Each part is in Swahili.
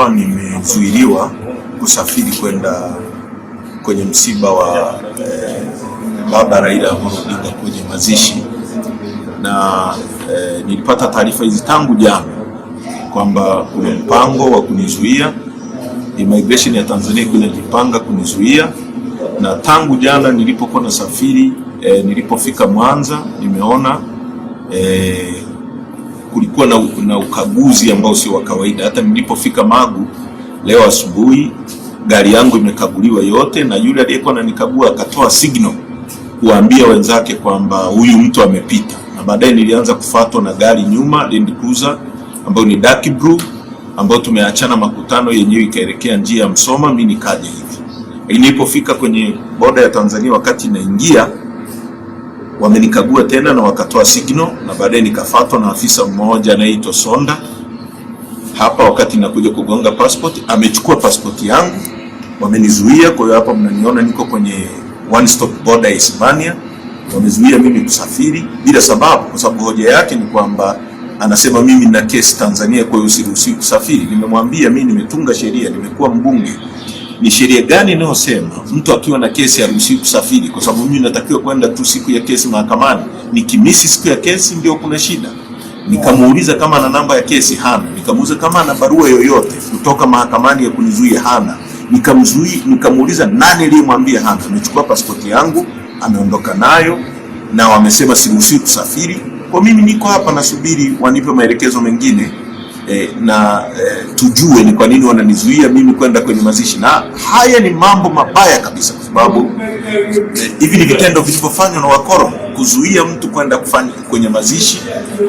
hapa nimezuiliwa kusafiri kwenda kwenye msiba wa eh, baba Raila Amolo Odinga kwenye mazishi na eh, nilipata taarifa hizi tangu jana kwamba kuna mpango wa kunizuia. Immigration ya Tanzania kunajipanga kunizuia, na tangu jana nilipokuwa nasafiri eh, nilipofika Mwanza nimeona eh, kulikuwa na, na ukaguzi ambao sio wa kawaida. Hata nilipofika Magu leo asubuhi, gari yangu imekaguliwa yote, na yule aliyekuwa ananikagua akatoa signal kuambia wenzake kwamba huyu mtu amepita, na baadaye nilianza kufuatwa na gari nyuma, Land Cruiser ambayo ni Dark Blue ambayo tumeachana makutano, yenyewe ikaelekea njia ya Msoma, mimi nikaja hivi. nilipofika kwenye boda ya Tanzania, wakati inaingia wamenikagua tena na wakatoa signal, na baadaye nikafatwa na afisa mmoja anaitwa Sonda hapa, wakati nakuja kugonga passport, amechukua passport yangu, wamenizuia. Kwa hiyo hapa mnaniona niko kwenye one stop border Hispania, wamezuia mimi kusafiri bila sababu, kwa sababu hoja yake ni kwamba anasema mimi na kesi Tanzania, kwa hiyo usiruhusiwi kusafiri. Nimemwambia mimi nimetunga sheria, nimekuwa mbunge, ni sheria gani inayosema mtu akiwa na kesi haruhusiwi kusafiri? Kwa sababu mimi natakiwa kwenda tu siku ya kesi mahakamani, nikimisi siku ya kesi ndio kuna shida. Nikamuuliza kama ana namba ya kesi, hana. Nikamuuliza kama ana barua yoyote kutoka mahakamani ya kunizuia, hana. Nikamzuia, nikamuuliza nani aliyemwambia, hana. Amechukua pasipoti yangu ameondoka nayo, na wamesema siruhusiwi kusafiri. Kwa mimi niko hapa nasubiri wanipe maelekezo mengine eh, na eh, tujue ni kwa nini wananizuia mimi kwenda kwenye mazishi. Na haya ni mambo mabaya kabisa, kwa sababu eh, hivi eh, ni vitendo vilivyofanywa na wakoro kuzuia mtu kwenda kufanya kwenye mazishi.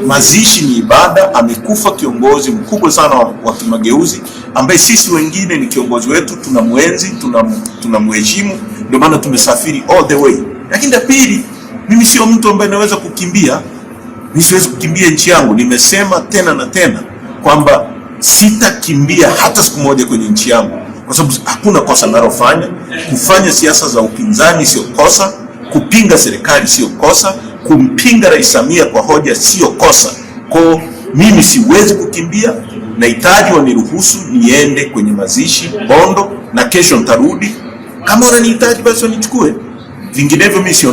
Mazishi ni ibada. Amekufa kiongozi mkubwa sana wa, wa kimageuzi ambaye sisi wengine ni kiongozi wetu, tuna mwenzi, tuna mheshimu, ndio maana tumesafiri all the way. Lakini la pili, mimi sio mtu ambaye naweza kukimbia, mimi siwezi kukimbia nchi yangu, nimesema tena na tena kwamba sitakimbia hata siku moja kwenye nchi yangu, kwa sababu hakuna kosa nalofanya Kufanya siasa za upinzani sio kosa, kupinga serikali sio kosa, kumpinga Rais Samia kwa hoja sio kosa. Kwa mimi siwezi kukimbia, nahitaji waniruhusu niende kwenye mazishi Bondo, na kesho nitarudi. Kama wananihitaji basi wanichukue, vinginevyo mimi siondoke.